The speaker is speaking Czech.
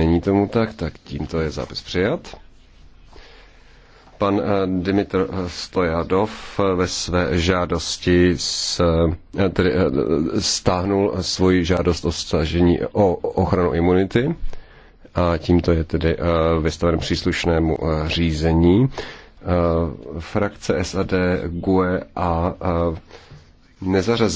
Není tomu tak, tak tímto je zápis přijat. Pan eh, Dimitr Stojadov eh, ve své žádosti s, eh, tedy, stáhnul svoji žádost o stažení o ochranu imunity a tímto je tedy vystaven příslušnému řízení. Frakce SAD, GUE a e nezařazení.